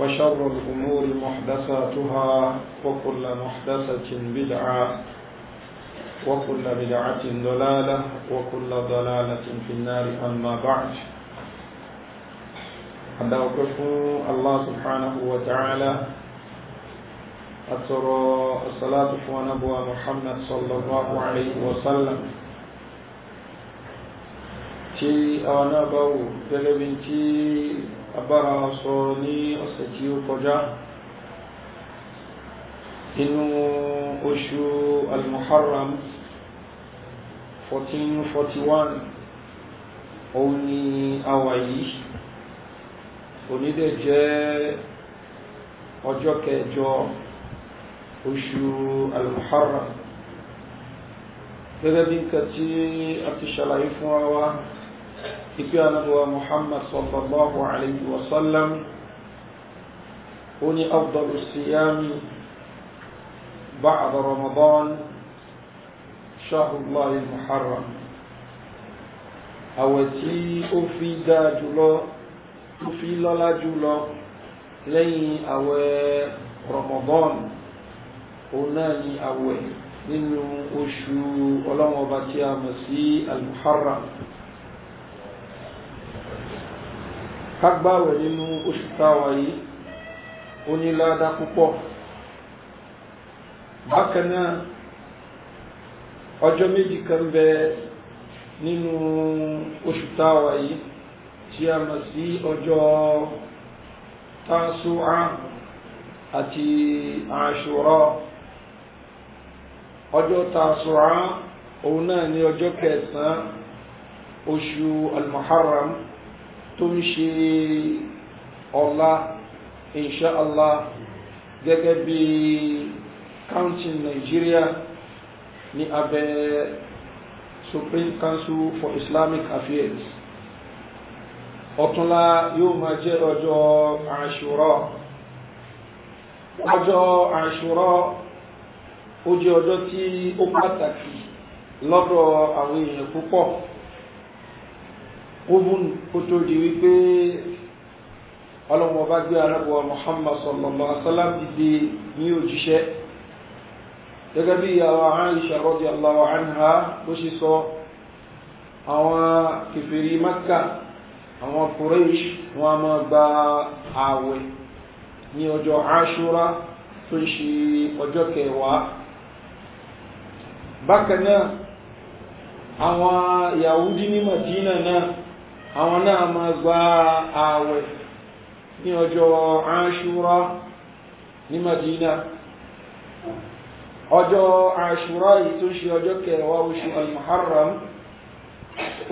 وشر الأمور محدثاتها وكل محدثة بدعة وكل بدعة ضلالة وكل ضلالة في النار أما بعد أدعوكم الله سبحانه وتعالى أترى الصلاة ونبوى محمد صلى الله عليه وسلم في أنا بو abára wọn sọ ní ọ̀sẹ̀ tí ó kọjá inú oṣù al-muharram 1441 òun ni àwà yìí onídẹ̀ jẹ́ ọjọ́ kẹjọ oṣù al-muharram gẹ́gẹ́ bí nǹkan tí a ti ṣàlàyé fún wa ìpé anábọ̀wá muhammad sallallahu alayhi wa sallam ó ní afdalu siyami ba'da ramadan shahrullahi muharram àwẹ̀ tí ó fi dáa jùlọ tó fi lọ́lá jùlọ lẹ́yìn àwẹ̀ ramadan òun náà ni àwẹ̀ nínú oṣù tí a mọ̀ sí al-muharram kágbáwẹ̀ nínú oṣù táwa yìí ó ní ládá púpọ̀ bákan náà ọjọ́ méjì kan bẹ nínú oṣù táwa yìí tí a mọ̀ sí ọjọ́ tásúà àti àṣùrà ọjọ́ tásúà òun náà ní ọjọ́ kẹsàn-án oṣù almuharram tó ń ṣe ọ̀la insha Allah gẹ́gẹ́ bí counting Nigeria ní abẹ́ Supreme Council for Islamic Affairs ọ̀túnla yóò máa jẹ́ ọjọ́ àṣùrọ̀ ọjọ́ àṣùrọ̀ ó jẹ́ ọjọ́ tí ó pàtàkì lọ́dọ̀ àwọn èèyàn púpọ̀ kóbùn kó tó di wípé ọlọ́mọ bá gbé arábọ̀ Muhammad sallallahu alaihi wasallam dìde ní òjíṣẹ́ gẹ́gẹ́ bí àwọn Aisha radiyallahu anha bó ṣe sọ àwọn kèfèrí Makka àwọn Quraysh wọn a máa gba ààwẹ̀ ní ọjọ́ Ashura tó ń ṣe ọjọ́ kẹwàá bákan náà àwọn Yahudi ní Madina náà àwọn náà máa gba ààwẹ̀ ní ọjọ́ Àṣúrà ní Madina ọjọ́ Àṣúrà yìí tó ṣe ọjọ́ kẹwàá oṣù al-Muharram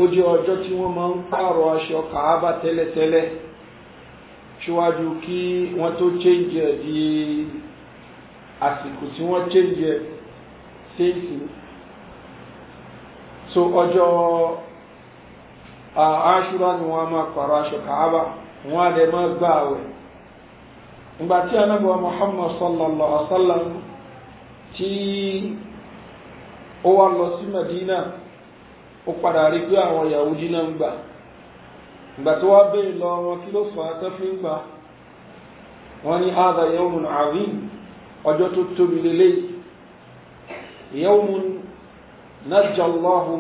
ó jẹ́ ọjọ́ tí wọ́n máa ń pààrọ̀ aṣọ kàába tẹ́lẹ̀tẹ́lẹ̀ ṣíwájú kí wọ́n tó change di àsìkò tí wọ́n change ẹ̀ so ọjọ́ aṣúra ni wọ́n máa pààrọ̀ aṣọ kàába wọ́n á lè máa gbá àwẹ̀ ìgbà tí anábọ̀ Muhammad sallallahu alaihi wa sallam tí ó lọ sí Madina ó padà rí pé àwọn Yahudi náà ń gbà ìgbà tó wá bẹ́ẹ̀ lọ wọn kí ló fà á tó fi ń gbà wọn ní ọjọ́ tó tóbi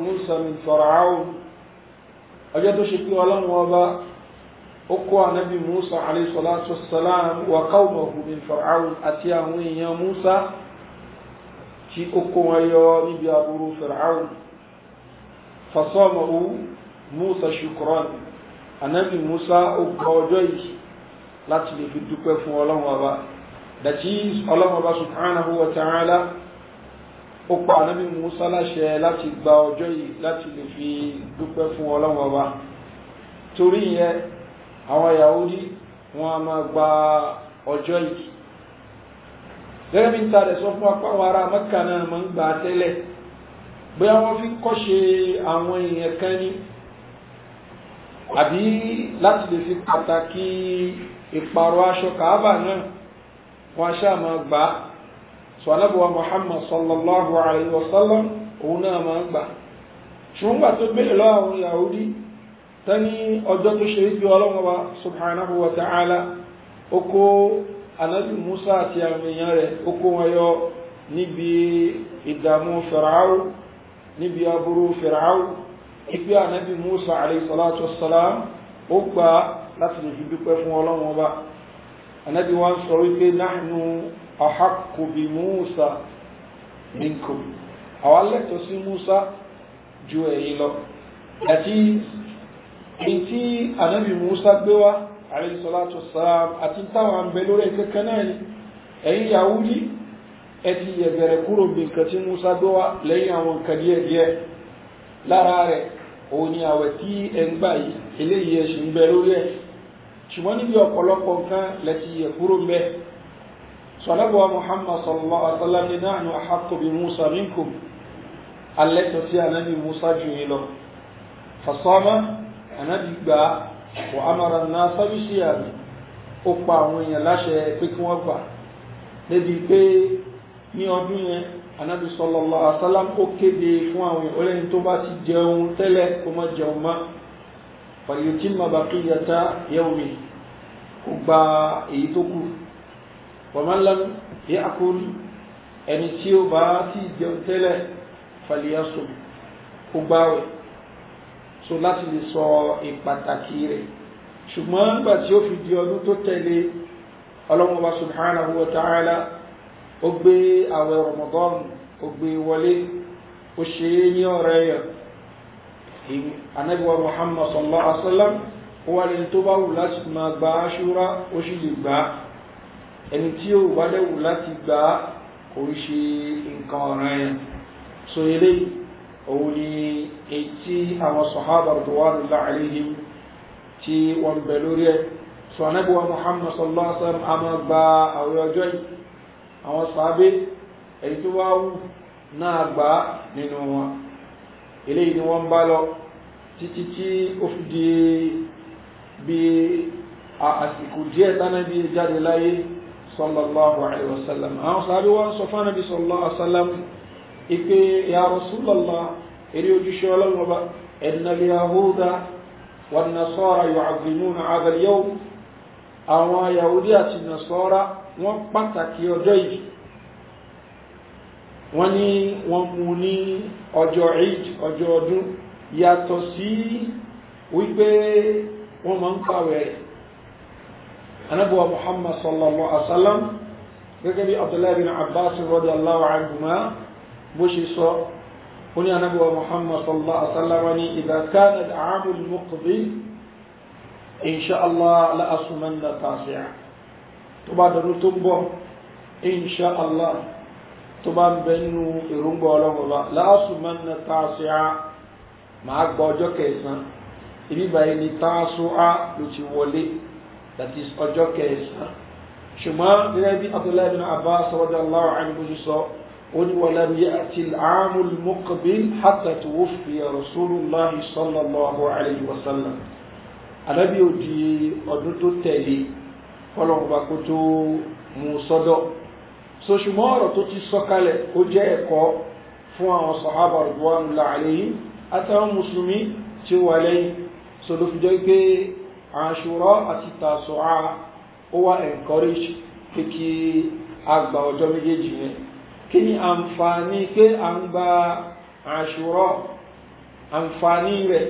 Musa min ọjọ́ tó ṣe pé ọlọ́run ọba ó kó ànábì musa aleyhisalatu salam wa qawmahu min fir'aun àti àwọn èèyàn musa tí ó kó wọn yọ níbi aburú fir'aun fasamahu musa shukran ànábì musa ó gba ọjọ́ yìí láti lè fi dúpẹ́ fún ọlọ́run ọba that is ọlọ́run ọba subhanahu wa ta'ala ó pa ànábì musa láṣẹ láti gba ọjọ́ yìí láti lè fi dúpẹ́ fún ọlọ́run ọba torí yẹn àwọn yahudi wọn a máa gba ọjọ́ yìí gẹ́gẹ́ bí n ta rẹ̀ sọ fún apá àwọn ará mẹ́ka náà máa ń gbà tẹ́lẹ̀ bóyá wọ́n fi kọ́ṣe àwọn èèyàn kan ní àbí láti lè fi pàtàkì ìpààrọ̀ aṣọ kàábà náà wọ́n aṣáà máa gbà á so anabuwa muhammad sallallahu alayhi wa sallam òun náà máa ń gbà ṣùgbọ́n gbà tó bèèrè lọ́wọ́ àwọn yahudi ta ní ọjọ́ tó ṣe ibi ọlọ́wọ́ wa subhanahu wa ta'ala ó kó anabi musa àti àwọn èèyàn rẹ̀ ó kó wọn yọ níbi ìdààmú fìràáwù níbi aburú fìràáwù ipe anabi musa alayhi salatu wa salam ó gbà láti lè fi dúpẹ́ fún ọlọ́wọ́ anabi wa ń sọ wípé náà ahakku bi musa minkum àwa lẹ́tọ̀ sí musa ju ẹ̀yin lọ àti ìtí anabi musa gbé wá alayhi salatu wassalam àti táwọn àmbẹ lórí kankan náà ni ẹ̀yin yahudi ẹ ti yẹ̀bẹ̀rẹ̀ kúrò bí nǹkan tí musa gbé wá lẹ́yìn àwọn nǹkan díẹ̀ díẹ̀ lára rẹ̀ òun ni àwẹ̀ tí ẹ ń gbà yìí eléyìí ẹ ṣì ń bẹ lórí ẹ̀ ṣùgbọ́n níbi ọ̀pọ̀lọpọ̀ nǹkan lẹ́ti yẹ̀ kúrò mẹ́ẹ̀ sọ̀lẹ́bùwà muhammad sallallahu alaihi wasallam ní náà ní àhàkù bí musa minkum alẹ́tọ̀ sí anábì musa jù yín lọ fasọ́mọ́ anábì gbà wà amara náà sábìsì àmì ó pa àwọn èèyàn láṣẹ pé kí wọ́n gbà débi pé ní ọdún yẹn anábì sallallahu alaihi wasallam ó kéde fún àwọn èèyàn olóyìn tó bá ti jẹun tẹ́lẹ̀ kó má jẹun mọ́ fàlùtí mabakiyata yawmi kó gba èyí tó kù wàmánlẹ́nu yẹ akóni ẹni tí ó bá ti jẹun tẹ́lẹ̀ fàlíyàsó kó gbáwẹ̀ so láti lè sọ ìpàtàkì rẹ̀ ṣùgbọ́n nígbà tí ó fi di ọdún tó tẹ̀lé ọlọ́mọba subhanahu wa ta'ala ó gbé àwẹ̀ Ramadan ó gbé e wọlé ó ṣe é ní ọ̀rẹ́ yẹn anabiwa Muhammad sallallahu alaihi wa sallam ó wà lẹ́yìn tó bá wù láti máa gba aṣúra ó sì lè gbà á ẹni tí ó bá lẹ́wù láti gba kò ń ṣe nǹkan ọ̀ràn yẹn so eléyìí òun ni etí àwọn sọ̀hábà rọ̀dùwárùlá àríhìm tí wọ́n bẹ̀ lórí ẹ̀ so anábíwá muhammad sallallahu alaihi wasallam a máa gba àwẹ̀ ọjọ́ yìí àwọn sàábé èyí tó wá wù náà gbà nínú wọn eléyìí ni wọ́n bá lọ títí tí ó fi di bí àsìkò díẹ̀ tánà bí jáde láyé sallallahu alayhi wa sallam àwọn sàbí wọn sọ fún anabi sallallahu alayhi wa sallam ìpè ya rasulallah eré ojúṣe ọlọ́run ọba ẹ̀nàlẹ́ yahuda wọn nasara yu'azzimuna hadha al-yawm àwọn yahudi àti nasara wọ́n pàtàkì ọjọ́ yìí wọ́n ní wọ́n mú ní ọjọ́ eid ọjọ́ ọdún yàtọ̀ sí wípé wọ́n máa ń pàwẹ̀ rẹ̀ anabuwa muhammad sallallahu alaihi wa sallam gẹ́gẹ́ bí abdullahi bin abbas radiyallahu anhuma bó ṣe sọ ó ní anabuwa muhammad sallallahu alaihi wa sallam ní idha kana al-aamul muqbi insha allah la asumanna tasi'a tó bá dọ̀rọ̀ tó ń bọ̀ insha tó bá ń bẹ nínú èròǹgbà ọlọ́run that is ọjọ́ kẹsàn-án ṣùgbọ́n gẹ́gẹ́ bí abdullahi bin abbas radiyallahu anhu sọ ó ní wala ya'ti al-'amu al-muqbil hatta tuwuffiya rasulullah sallallahu alayhi wa sallam alábí ò di ọdún tó tẹ̀lé kọlọ́ọ̀bá kó tó mú sọ́dọ̀ so ṣùgbọ́n ọ̀rọ̀ tó ti sọ́kalẹ̀ ó jẹ́ ẹ̀kọ́ fún àwọn sàhábà radiyallahu alayhim àtàwọn mùsùlùmí tí ó lẹ́yìn so fi jẹ́ pé àṣùrọ́ àti tàṣùá ó wá encourage pé kí a gba ọjọ́ méjèèjì yẹn kí ni àǹfààní pé à ń gba àṣùrọ́ àǹfààní rẹ̀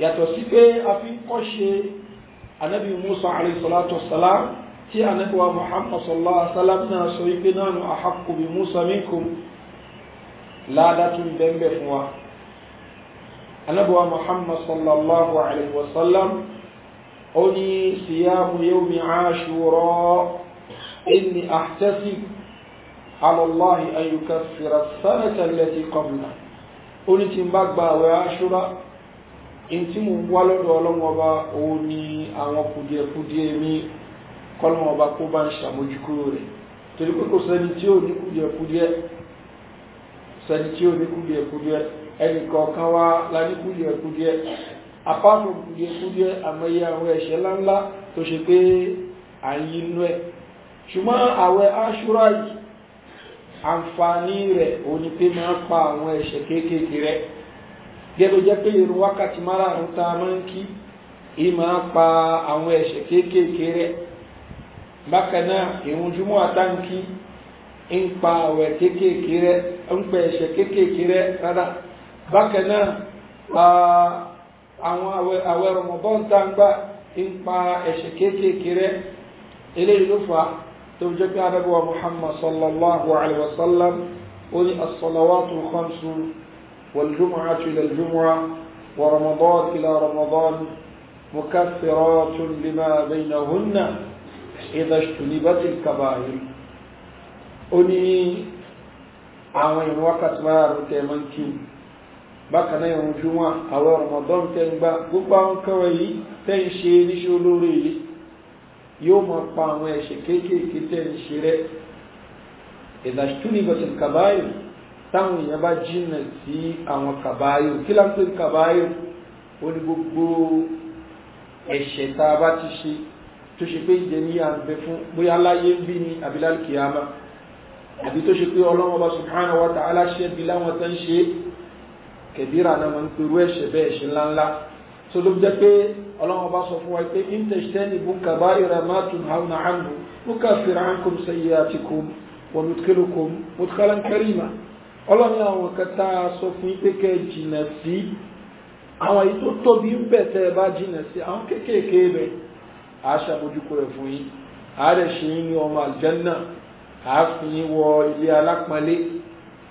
yàtọ̀ sí pé a fi ń kọ́ṣe anabi musa alayhi salatu wasalam tí anabi wa muhammad sallallahu alaihi wasallam náà sọ wípé náà nù ahaqqu musa minkum ládàtún bẹ́ẹ̀ fún wa anabi wa muhammad sallallahu alaihi wasallam ó ní síyámù yawmi Ashura inni ahtasib ala Allahi an yukaffira as-sanata allati qabla ó ní tí ń bá gba àwẹ̀ Ashura in tí mo wá lọ́dọ̀ ọlọ́wọ́ bá òun ní àwọn kùdìẹ̀kùdìẹ̀ mi kọ́lọ́wọ́ bá kó bá ń ṣàmójúkúrò rẹ̀ torí pé kò sẹ́ni tí ò ní kùdìẹ̀kùdìẹ̀ sẹ́ni tí ò ní kùdìẹ̀kùdìẹ̀ ẹnì kọ̀ọ̀kan wá la ní kùdìẹ̀kùdìẹ̀ apáfò kúdíẹ̀kúdíẹ̀ àmọ́yé àwọn ẹ̀ṣẹ̀ ńláńlá tó ṣe pé à ń yínú ẹ̀ ṣùgbọ́n àwẹ̀ aṣúra yìí àǹfààní rẹ̀ ò ní pé máa pa àwọn ẹ̀ṣẹ̀ kéékèèké rẹ̀ gẹ́gẹ́ jẹ́ pé irun wákàtí márààrún tá a máa ń kí ì máa pa àwọn ẹ̀ṣẹ̀ kéékèèké rẹ̀ bákan náà ìrun júmọ́ àtàǹkì ń pa àwẹ̀ kéékèèké rẹ̀ ń pa ẹ̀ṣẹ̀ kéékèèké rẹ̀ rárá bákan náà àwọn àwẹ̀ Ramadan tá ń gbà ń pa ẹ̀ṣẹ̀ kéékèèké rẹ̀ eléyìí ló fà á tó jẹ́ pé anábíwá Muhammad sallallahu alayhi wa sallam ó ní as-salawatu al-khamsu wal-jumu'atu ila al-jumu'ah wa Ramadan ila Ramadan mukaffiratun lima baynahunna idha ijtunibat al-kaba'ir ó ní àwọn ìwákàtí márùn-ún tẹ̀ mọ́ kí bákan náà ìrun júmọ́ àwọn Ramadan tẹ́ ń gbá gbogbo àwọn kẹwẹ yìí tẹ́ ń ṣe níṣẹ́ olóore yìí yóò máa pa àwọn ẹ̀ṣẹ̀ kéékèèké tẹ́ ń ṣe rẹ́ ìdàṣtúlì bọ̀tìl kàbáyò táwọn èèyàn bá jìnnà sí àwọn kàbáyò kí láńpẹ́ kàbáyò ó ní gbogbo ẹ̀ṣẹ̀ tá a bá ti ṣe tó ṣe pé ìjẹ ní àbẹ fún bóyá láyé ń bí ní abilal kiyama àbí tó ṣe pé Ọlọ́hun Ọba subhanahu wa ta'ala ṣe bí láwọn kẹbíra náà máa ń perú ẹ̀ṣẹ̀ bẹ́ẹ̀ ṣe ńláńlá tó ló jẹ́ pé ọlọ́run bá sọ fún wa pé intestine ibu kaba iramatu hauna anhu nukafir ankum sayyiatikum wa nudkhilukum mudkhalan karima ọlọ́run àwọn kẹta sọ fún pé kẹ́ jìnà sí àwọn èyí tó tóbi ń bẹ̀ tẹ́ ẹ bá jìnà sí àwọn kéékèèké bẹ̀ á ṣàbójúkú rẹ̀ fún yín á rẹ̀ ṣe yín ní ọmọ àlùjánnà á fi yín wọ ilé alápọ̀nlé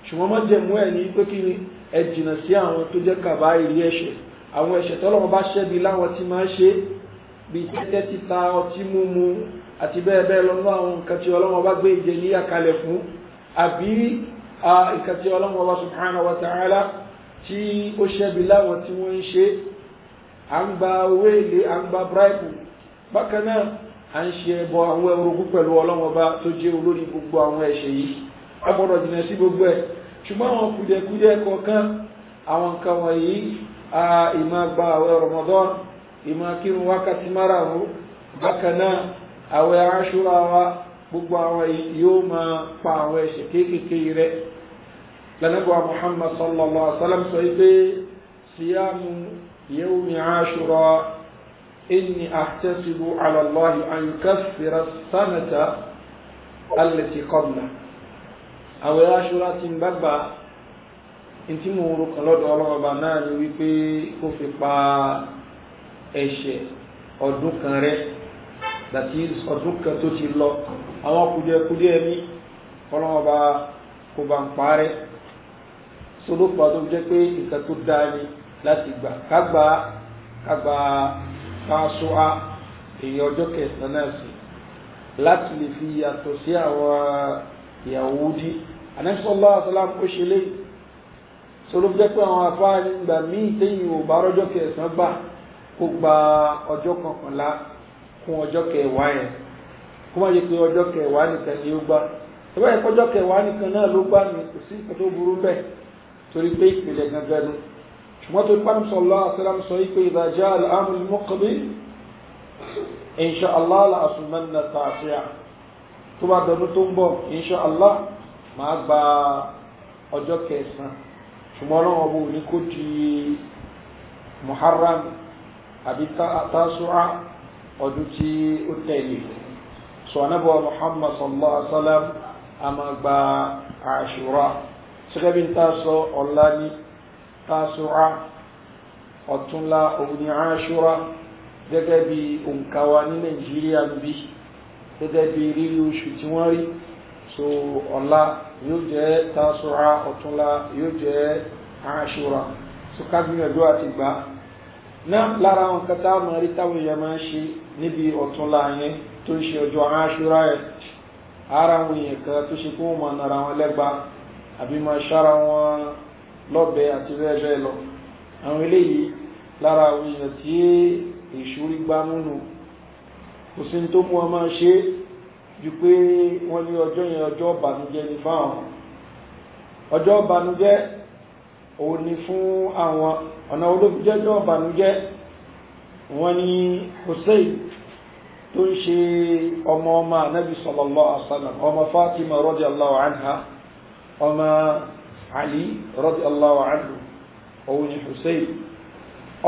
ṣùgbọ́n má jẹ̀mú ẹ̀ ní pé kí ni ẹ jìnnà sí àwọn tó jẹ́ kàbá ìrí ẹ̀ṣẹ̀ àwọn ẹ̀ṣẹ̀ tọ́lọ́wọ́ bá ṣẹ́bi láwọn tí máa ṣe bíi tẹ́tẹ́ títa ọtí múmu àti bẹ́ẹ̀ bẹ́ẹ̀ lọ́nà àwọn nǹkan tí ọlọ́wọ́ bá gbé ìjẹ ní àkàlẹ̀ fún àbí nǹkan tí ọlọ́wọ́ bá subhanahu wa ta'ala tí ó ṣẹ́bi láwọn tí wọ́n ń ṣe à ń gba owó èlé à ń gba bíráìbù bákan náà à ń ṣe ẹbọ àwọn ẹrogún pẹ̀lú ọlọ́wọ́ bá tó jẹ́ olórí gbogbo àwọn ẹ̀ṣẹ̀ yìí a jìnnà sí gbogbo ẹ̀ ṣùgbọ́n àwọn kùdẹ̀kùdẹ̀ kọ̀ọ̀kan àwọn nǹkan wọ̀nyí ìmọ̀ gba àwẹ̀ Ramadan ìmọ̀ kírun wákàtí márààrún bákan náà àwẹ̀ aṣúra wa gbogbo àwọn yóò máa pa àwẹ̀ ṣe kéékèèké rẹ̀ lẹ́nàbọ̀ Muhammad sallallahu alaihi wa sallam sọ pé siyamu yawmi aṣúra inni ahtasibu ala Allahi an yukaffira sanata allati qabla àwẹ̀ aṣọra ti ń bàgbà ntí mo rò kàn lọ́dọ̀ ọlọ́mọba náà ni wípé kó fi pa ẹ̀ṣẹ̀ ọdún kan rẹ̀ dàtí ọdún kan tó ti lọ àwọn kùdìẹ̀kùdìẹ̀ mi ọlọ́mọba kò bá ń parẹ́ sólópa tó jẹ́ pé nǹkan tó dáa ni láti gbà kágbà kágbà fásuá èyí ọjọ́ kẹsàn sí láti lè fi yàtọ̀ sí àwọn Yahudi anẹ́sọ́lá àtàlám ó ṣe léyìí sọlọ́ jẹ́ pé àwọn afá nígbà míì téyìn ò bá rọ́jọ́ kẹsàn-án gbà kó gba ọjọ́ kọkànlá kún ọjọ́ kẹwàá yẹn kó má yẹ pé ọjọ́ kẹwàá nìkan ni ó gbà tó bá yẹ pé ọjọ́ kẹwàá nìkan náà ló gbà ní kò sí nǹkan tó burú bẹ́ẹ̀ torí pé ìpìlẹ̀ gangan nu ṣùgbọ́n tó bá ń sọ sọ yìí pé ìdájá àmì mọ́kànlí inṣàlá àsùnmọ́nà tààfíà tó bá dọ̀dún tó ń bọ̀ inṣàlá máa gba ọjọ́ kẹsàn-án ṣùgbọ́n ọlọ́run ọba òní kò di muharram àbí tasua ọdún tí ó tẹ̀lé sọ anábọ̀ muhammad sallallahu alaihi wa sallam a máa gba àṣùrà sẹ́gẹ́bí ń ta sọ ọ̀la ní tasua ọ̀túnla òun ní àṣùrà gẹ́gẹ́ bí òǹkà ní nàìjíríà níbí gẹ́gẹ́ bí rírí oṣù tí wọ́n rí so ọ̀la yóò jẹ́ tasura ọ̀túnla yóò jẹ́ aṣura so kágbìyànjú àti gbà náà lára àwọn kata àwọn arí táwọn èèyàn máa ń ṣe níbi ọ̀túnla yẹn tó ń ṣe ọjọ́ aṣura yẹn ara àwọn èèyàn kan tó ṣe kó wọn máa nara wọn lẹ́gba àbí máa ṣára wọn lọ́bẹ àti bẹ́ẹ̀ bẹ́ẹ̀ lọ àwọn eléyìí lára àwọn èèyàn tí èṣù rí gbá múnú kò sí ní tó mú wọn máa ṣe é ju pé wọn ní ọjọ yẹn ọjọ́ ọ̀bànújẹ́ ni fáwọn ọjọ́ ọ̀bànújẹ́ òun ni fún àwọn ọ̀nà olóbijẹ́jọ́ ọ̀bànújẹ́ wọn ní Hussein tó ń ṣe ọmọ ọmọ anabi sallallahu alaihi ọmọ Fatima radiyallahu anha ọmọ Ali radiyallahu anhu òun ni Hussein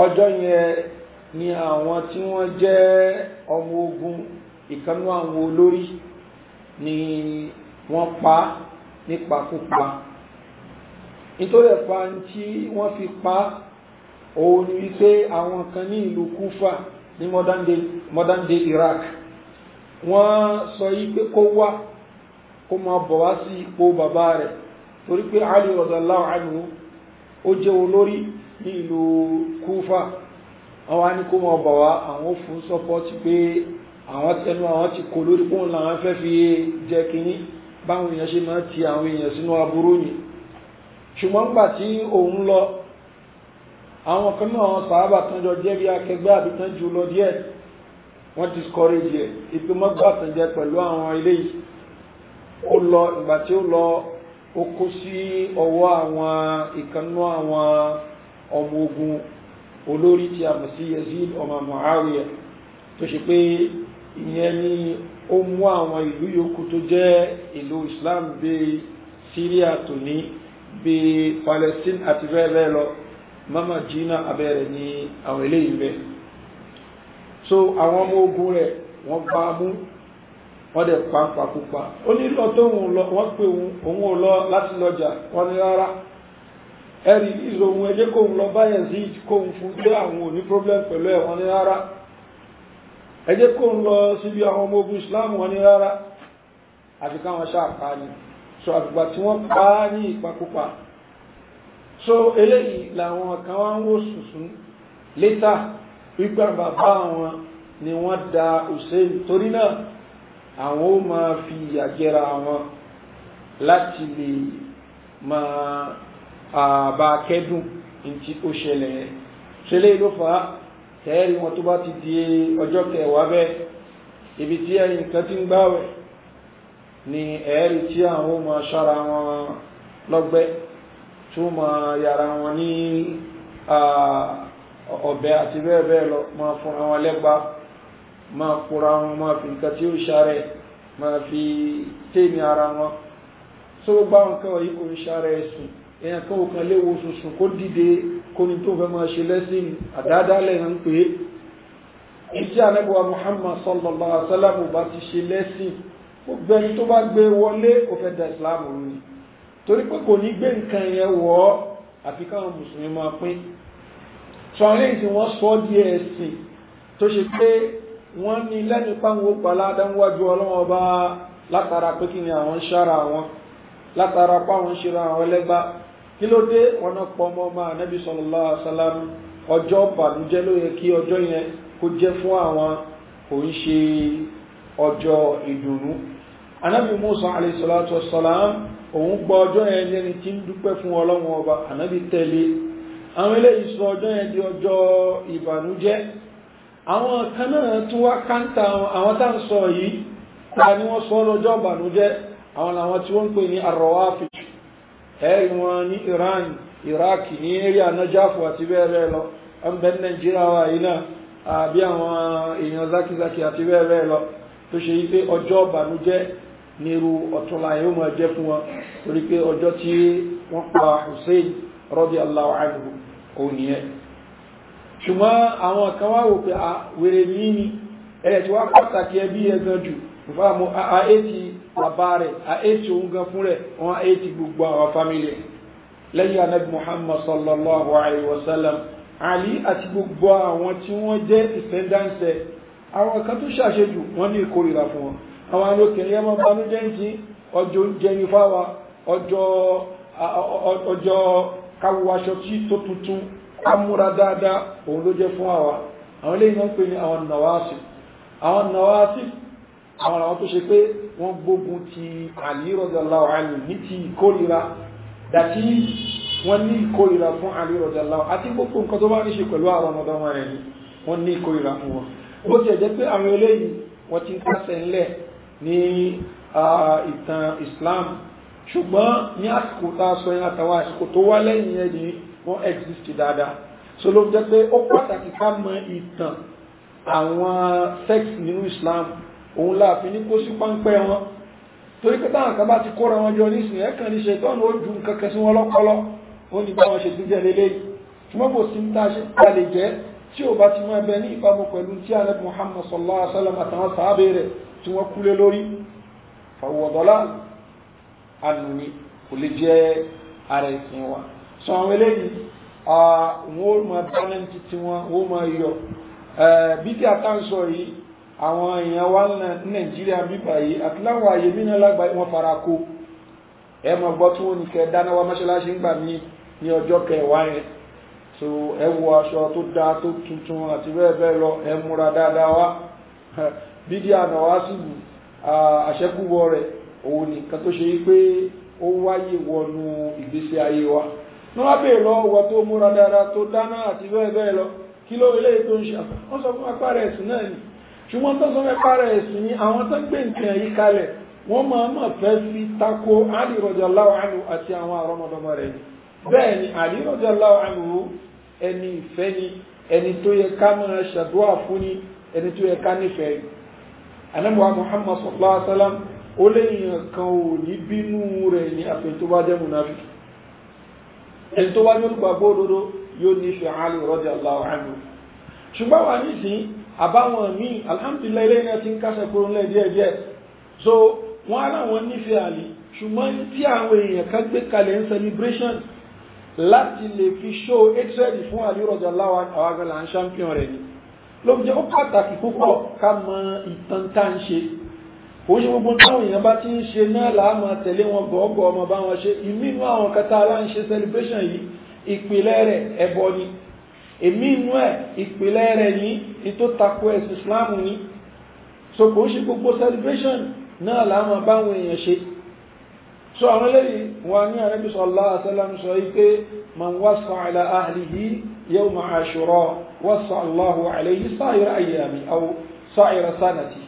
ọjọ yẹn ni àwọn tí ìkanú àwọn olórí ni wọ́n pa nípakúpa nítorí ẹ̀pa tí wọ́n fi pa òun ni wípé àwọn kan ní ìlú Kúfà ní modern day, Iraq wọ́n sọ yí pé kó wá kó si bọ̀ wá sí ipò bàbá rẹ̀ torí pé Ali radallahu anhu ó jẹ́ olórí ní ìlú Kúfà àwọn á ní bọ̀ wá àwọn àwọn tẹnu àwọn ti kò lórí pọ́n làwọn fẹ́ fi jẹ kínní báwọn èèyàn ṣe máa ti àwọn èèyàn sínú aburú yìí ṣùgbọ́n gbà tí òun lọ àwọn kan náà àwọn sàábà tán jọ jẹ́ bí akẹgbẹ́ àbí tán jù lọ díẹ̀ wọ́n discourage ẹ̀ ìpè mọ́gbà àtànjẹ pẹ̀lú àwọn eléyìí ó lọ ìgbà tí ó lọ ó kó sí ọwọ́ àwọn ìkànnú àwọn ọmọ ogun olórí tí a sí Yazid ọmọ Muawiya tó ṣe pé ìyẹn ni ó mú àwọn ìlú yòókù tó jẹ́ ìlú Islam bíi Syria ní bíi Palestine àti bẹ́ẹ̀ bẹ́ẹ̀ lọ mama jina abẹ́rẹ́ ní àwọn eléyìí bẹ́ẹ̀ so àwọn ọmọ ogun rẹ̀ wọ́n bá mú wọ́n dẹ̀ pa pàkópa ó ní lọ tó òun lọ wọ́n pè òun lọ láti lọ́jà wọ́n ní rárá ẹ̀rí lọ sí fún pé ẹ jẹ́ kó ń lọ síbi àwọn ọmọ ogun islam wọn ní rárá àti káwọn ṣàpá ni so àgbà tí wọ́n pa á ní ìpakúpa so eléyìí làwọn kan wá ń wò sùsùn létà wípé bàbá wọn ni wọ́n da Hussein torí náà àwọn ó máa fi ìyà jẹra wọn láti lè máa àbá kẹ́dùn ní tí ó ṣẹlẹ̀ ṣẹlẹ̀ ló fà tẹ́ẹ̀rí wọn tó bá ti di ọjọ́ kẹwàá bẹ́ẹ̀ ibi tí ẹ̀yìn kan ti ń gbáwẹ̀ ni ẹ̀ẹ́rí tí àwọn ọmọ ṣára wọn lọ́gbẹ́ tó máa yàrá wọn ní ọ̀bẹ àti bẹ́ẹ̀ bẹ́ẹ̀ lọ máa fúnra wọn lẹ́gbàá máa kóra wọn máa fi nǹkan tí ó ṣàrẹ̀ máa fi tẹ́ẹ̀mí ara wọn tó gbá nǹkan yìí kò ń ṣàrẹ̀ ẹ̀sìn èèyàn kan ò kan léwo sùsùn kó dìde kó ní tó fẹ́ máa ṣe lẹ́sìn àdáadáalẹ̀ ń pè é ìtí àlẹ́bùwà Muhammad sallallahu alaihi wa sallam bá ti ṣe lẹ́sìn ó gbẹ́ni tó bá gbé wọlé ó fẹ́ da Islam rú ni torí pé kò ní gbé nǹkan yẹn wọ̀ ọ́ àfi káwọn mùsùlùmí máa pín sọ̀rìn tí wọ́n sọ di ẹ̀sìn tó ṣe pé wọ́n ní lẹ́nu páwọn ó pàlá ọlọ́wọ́n bá látara pé kí ni àwọn ń ṣára wọn látara páwọn ń ṣera àwọn ẹlẹ́gbàá kí ló dé wọn náà pọ ọmọ ọmọ anabi sallallahu alaihi wasallam ọjọ́ bànújẹ́ ló yẹ kí ọjọ́ yẹn kó jẹ́ fún àwọn kò ń ṣe ọjọ́ ìdùnnú anabi musa alayhi salatu wassalam òun gbọ́ ọjọ́ yẹn ní ẹni tí ń dúpẹ́ fún ọlọ́run ọba anabi tẹ̀lé àwọn eléyìí sọ ọjọ́ yẹn di ọjọ́ ìbànújẹ́ àwọn kan náà tún wá káńtà àwọn tá à ń sọ yìí ta ni wọ́n sọ lọ́jọ́ ìbànújẹ́ àwọn làwọn tí wọ́n ń pè ní arọ́wáfì ẹ wọn ni Iran irak ni area najafu àti ati bẹ́ẹ̀ lọ ẹn bẹ́ẹ̀ Nàìjíríà wa yìí náà àbí àwọn èèyàn zaki àti bẹ́ẹ̀ bẹ́ẹ̀ lọ tó ṣe yí pé ọjọ́ niru ní irú o yìí ó máa jẹ́ fún wọn torí Hussein radiyallahu anhu òun nìyẹn ṣùgbọ́n àwọn kan wá wò pé ah, wèrè ní ni tí pàtàkì ẹbí jù bàbá rẹ̀ a éètì òun gan fún rẹ̀ wọ́n éètì gbogbo àwọn fámìlì ẹ̀ lẹ́yìn anabi muhammad sallallahu alayhi wa sallam ali àti gbogbo àwọn tí wọ́n jẹ́ ìfẹ́dáǹsẹ̀ àwọn kan tó ṣàṣejù wọ́n ní ìkórìíra fún wọn àwọn alókèrè ẹmọ banújẹ́ ń jí ọjọ́ oúnjẹ ní fáwa ọjọ́ káwọ aṣọ tí tó tuntun amúra dáadáa òun ló jẹ́ fún àwa àwọn eléyìí náà ń pè ní àwọn nàwáàsì àwọn nàwáàsì àwọn àwọn tó ṣe pé wọ́n gbógun ti Àlí radiyallahu anhu ní ti ìkórira dàtí wọ́n ní ìkórira fún Àlí radiyallahu àti gbogbo nǹkan tó bá ní ṣe pẹ̀lú àwọn ọmọdé rẹ̀ ni wọ́n ní ìkórira fún wọn bó ti ẹ̀jẹ̀ pé àwọn eléyìí wọ́n ti ń kásẹ̀ ńlẹ̀ ní ìtàn Islam ṣùgbọ́n ní àsìkò tá a sọ yẹn àtàwọn àsìkò tó wá lẹ́yìn yẹn ni wọ́n exist dáadáa so ló jẹ́ pé ó pàtàkì ká sex nínú Islam òun láàfin ní kó sí páńpẹ́ wọn torí pé táwọn kan bá ti kóra wọn jọ nísìnyí ẹ̀kan ní ṣe tọ́nà ó ju nǹkan kan sí wọn lọ́pọlọ ó ní bá wọn ṣe ti jẹ́ lélẹ́yìí ṣùgbọ́n kò sí ta ṣe ta lè jẹ́ tí ò bá ti mọ ẹbẹ ní ìbámu pẹ̀lú tí alẹ́ Muhammad sallallahu alaihi wasallam àtàwọn sàábẹ̀ rẹ̀ tí wọ́n kúlé lórí fàwọ̀dọ́lá ànúni kò lè jẹ́ ara ẹ̀sìn wa sọ àwọn eléyìí wọn ó máa bá lẹ́ńtì tiwọn ó máa yọ bíbí àtàǹsọ yìí àwọn èèyàn wá ní nàìjíríà bíbà yìí àti láwọn àyè mìíràn lágbà wọn fara kó ẹ mọ̀ gbọ́ tí wọ́n ní kẹ dáná wa mọ́ṣáláṣí ń gbà mí ní ọjọ́ kẹwàá yẹn so ẹ wọ aṣọ tó dáa tó tuntun àti bẹ́ẹ̀ bẹ́ẹ̀ lọ ẹ múra dáadáa wá bídí àná wá sí àṣẹkùbọ rẹ̀ òun nìkan tó ṣe pé ó wáyé wọnú ìgbésí ayé wa ní wọ́n bèèrè lọ wọ́n tó múra dáadáa tó dáná àti bẹ́ẹ̀ bẹ́ẹ̀ lọ kí ló ilé tó ń ṣe àpá wọ́n sọ fún apá rẹ̀ sùn náà ni ṣùgbọ́n tó sọmọ ẹ̀pá rẹ̀ ẹ̀sìn ni àwọn tó gbé nǹkan yìí kalẹ̀ wọ́n máa mọ̀ fẹ́ fi tako Ali radiyallahu anhu àti àwọn àrọ́mọdọ́mọ rẹ̀ ni bẹ́ẹ̀ ni Ali radiyallahu anhu ẹni ìfẹ́ ni ẹni tó yẹ ká máa ṣàdúrà fún ni ẹni tó yẹ ká nífẹ̀ẹ́ ni anabuwa Muhammad sallallahu alaihi wa sallam ó léyìn kan ò ní bínú rẹ̀ ni àfihàn tó bá jẹ́ munafiki ẹni tó bá ní olùgbàgbọ́ òdodo yóò nífẹ̀ẹ́ Ali radiyallahu anhu ṣùgbọ́n wà nísìnyí àbáwọn míì alhamdulillah ilé náà ti ń kásẹ̀ kúrò ńlẹ̀ díẹ̀díẹ̀ so wọ́n á láwọn nífẹ̀ẹ́ àlè ṣùgbọ́n tí àwọn èèyàn kan gbé kalẹ̀ ń celebration láti lè fi ṣó hatred fún àlè rọ̀jà láwọn àwọn àgbàlá ń champion rẹ̀ ni ló jẹ́ ó pàtàkì púpọ̀ ká mọ ìtàn tá ń ṣe ó ṣe gbogbo táwọn èèyàn bá ti ń ṣe náà láàmà tẹ̀lé wọn gọ̀ọ́gọ̀ ọmọ bá wọn ṣe ìmínú àwọn kata aláǹṣe celebration yìí ìpìlẹ̀ rẹ̀ ẹbọ ni èmi inú ẹ̀ ìpìlẹ̀ rẹ̀ ní ìtò takò ẹ̀sìn islam ní so kò ń ṣe gbogbo celebration náà láàmà báwọn èèyàn ṣe so àwọn eléyìí wọn ní àrẹ́bí sallallahu alaihi wasallam sọ wípé man wasa ala ahlihi yawma ashura wasa Allahu alayhi sa'ira ayyami aw sa'ira sanati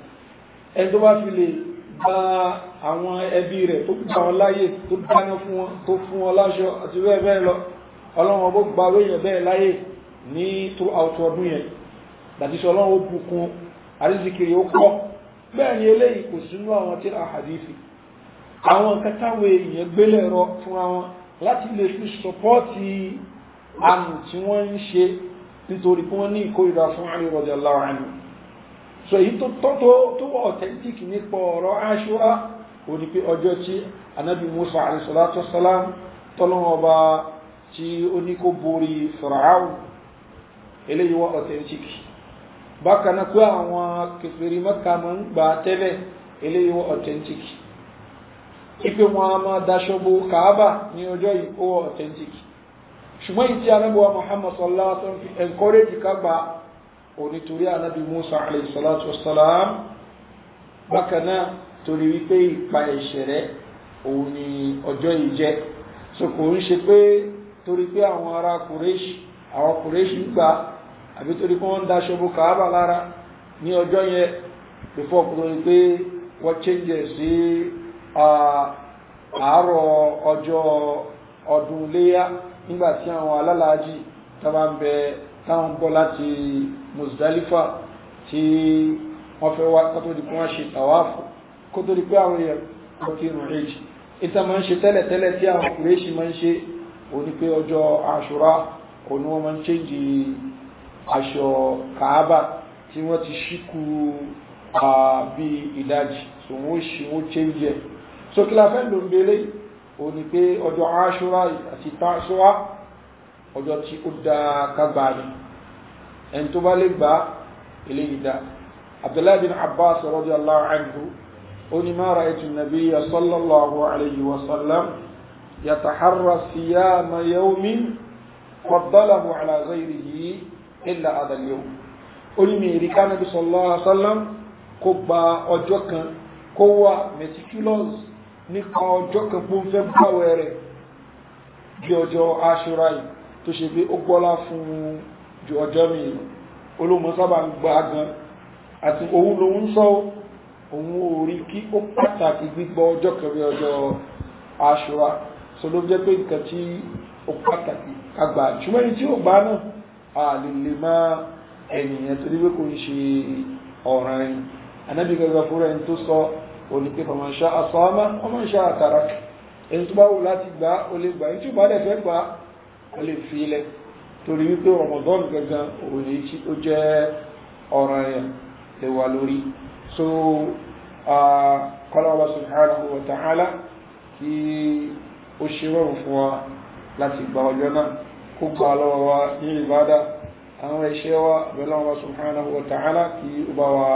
ẹni tó bá fi lè gba àwọn ẹbí rẹ̀ tó gbà wọn láyè tó dáná fún wọn láṣọ àti bẹ́ẹ̀ bẹ́ẹ̀ lọ ọlọ́run ọgbó gba lóyìn bẹ́ẹ̀ láyè ní throughout ọdún yẹn dàtíṣẹ́ ọlọ́run ó bùkún àríṣìkiri ó kọ́ bẹ́ẹ̀ ni eléyìí kò sínú àwọn tí àhàdífì àwọn nǹkan táwọn èèyàn gbélé ẹ̀rọ fúnra wọn láti lè fi sọpọ́ọ̀tì àmì tí wọ́n ń ṣe nítorí pé wọ́n ní ìkórìíra fún Àlí radiyallahu anhu so èyí tó tọ́tọ́ tó wọ́ authentic nípa ọ̀rọ̀ Àṣúrà ò ní pé ọjọ́ Musa alayhi salatu wassalam tọ́lọ́wọ́ ọba tí ó ní eléyìí wọ́n authentic bákan náà pé àwọn kèfèrí Mẹ́kà máa ń gbà tẹ́lẹ̀ eléyìí wọ́n authentic ipe wọn a máa daṣọ bo Kaaba ní ọjọ́ yìí ó wọ́n authentic ṣùgbọ́n ìtí anábíwá Muhammad sallallahu alaihi wa sallam fi encourage ká gba onítorí anábí Musa alayhi salatu wa salam bákan náà torí wípé ìpa ẹ̀ṣẹ̀ òun ni ọjọ́ yìí jẹ́ so kò ń ṣe pé torí pé àwọn ará Kùrẹ́ṣì àwọn Kùrẹ́ṣì gbà àbí torí pé wọ́n ń daṣọ bo kàábà lára ní ọjọ́ yẹn bífọ́ ọkùnrin pé wọ́n change sí àárọ̀ ọjọ́ ọdún léyà nígbà tí àwọn alálàájì tábà ń bẹ táwọn bọ́ láti Muzdalifa tí wọ́n fẹ́ wá kótó di pé wọ́n ṣe tàwáàfù kótó di pé àwọn èèyàn kò tí rùn èjì ìta máa ń ṣe tẹ́lẹ̀tẹ́lẹ̀ tí àwọn kùrẹ́ṣì máa ń ṣe òní pé ọjọ́ àṣùrà òní wọ́n máa ń change aṣọ kàábà tí wọ́n ti ṣíkú bí ìdájì so wọ́n ṣe wọ́n change ẹ̀ so kí la fẹ́ ló ń belé o ní pé ọjọ́ aṣọ́ra àti tàṣọ́ra ọjọ́ tí ó dá kágbà ní ẹni tó bá lè gbá ilé ìdá abdullahi bin abbas radiyallahu anhu ó ní ma ra'aytu an-nabiyya sallallahu alayhi wa sallam yataharra siyama yawmin faddalahu illa hadha al-yawm onímìírí kánàbí sallallahu alaihi wasallam kó gba ọjọ́ kan kó wà meticulous nípa ọjọ́ kan kó ń fẹ́ gbàwẹ̀ rẹ̀ bí ọjọ́ aṣọra yìí tó ṣe pé ó gbọ́lá fún ju ọjọ́ mi olóòmọ sábà ń gba gan àti òun lòun ń ṣùgbọ́n ẹni tí ó gbà náà àlèlè mọ́ ènìyàn tó dípé kò ń ṣe ọ̀ràn yìí anábì gẹ́gẹ́ fúnra ẹni tó sọ onípe fọmọṣá asọ́ọ́mọ́ ọmọṣá àtàrà ẹni tó bá wù láti gbà ó lè gbà ìtú ìbálẹ̀ fẹ́ gbà ó lè fi ilẹ̀ torí wípé Ramadan gangan òní tí ó jẹ́ ọ̀ràn yẹn lè wà lórí so kọ́lọ́wọ́ subhanahu wa ta'ala kí ó ṣe rọrùn fún wa láti gba ọjọ́ náà kó gbà lọ́wọ́ wa ní ìbádá àwọn iṣẹ́ wa abẹ́lọ́wọ́ subhanahu wa ta'ala kí ó bá wa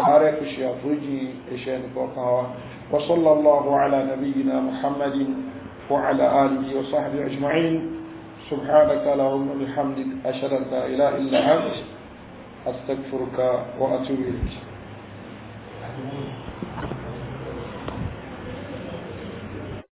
ààrẹ kò ṣe àforíjì iṣẹ́ nìkọ̀ọ̀kan wa wa sallallahu ala nabiyyina muhammadin wa ala alihi wa sahbihi ajma'in سبحانك اللهم بحمدك أشهد أن لا إله إلا أنت أستغفرك وأتوب إليك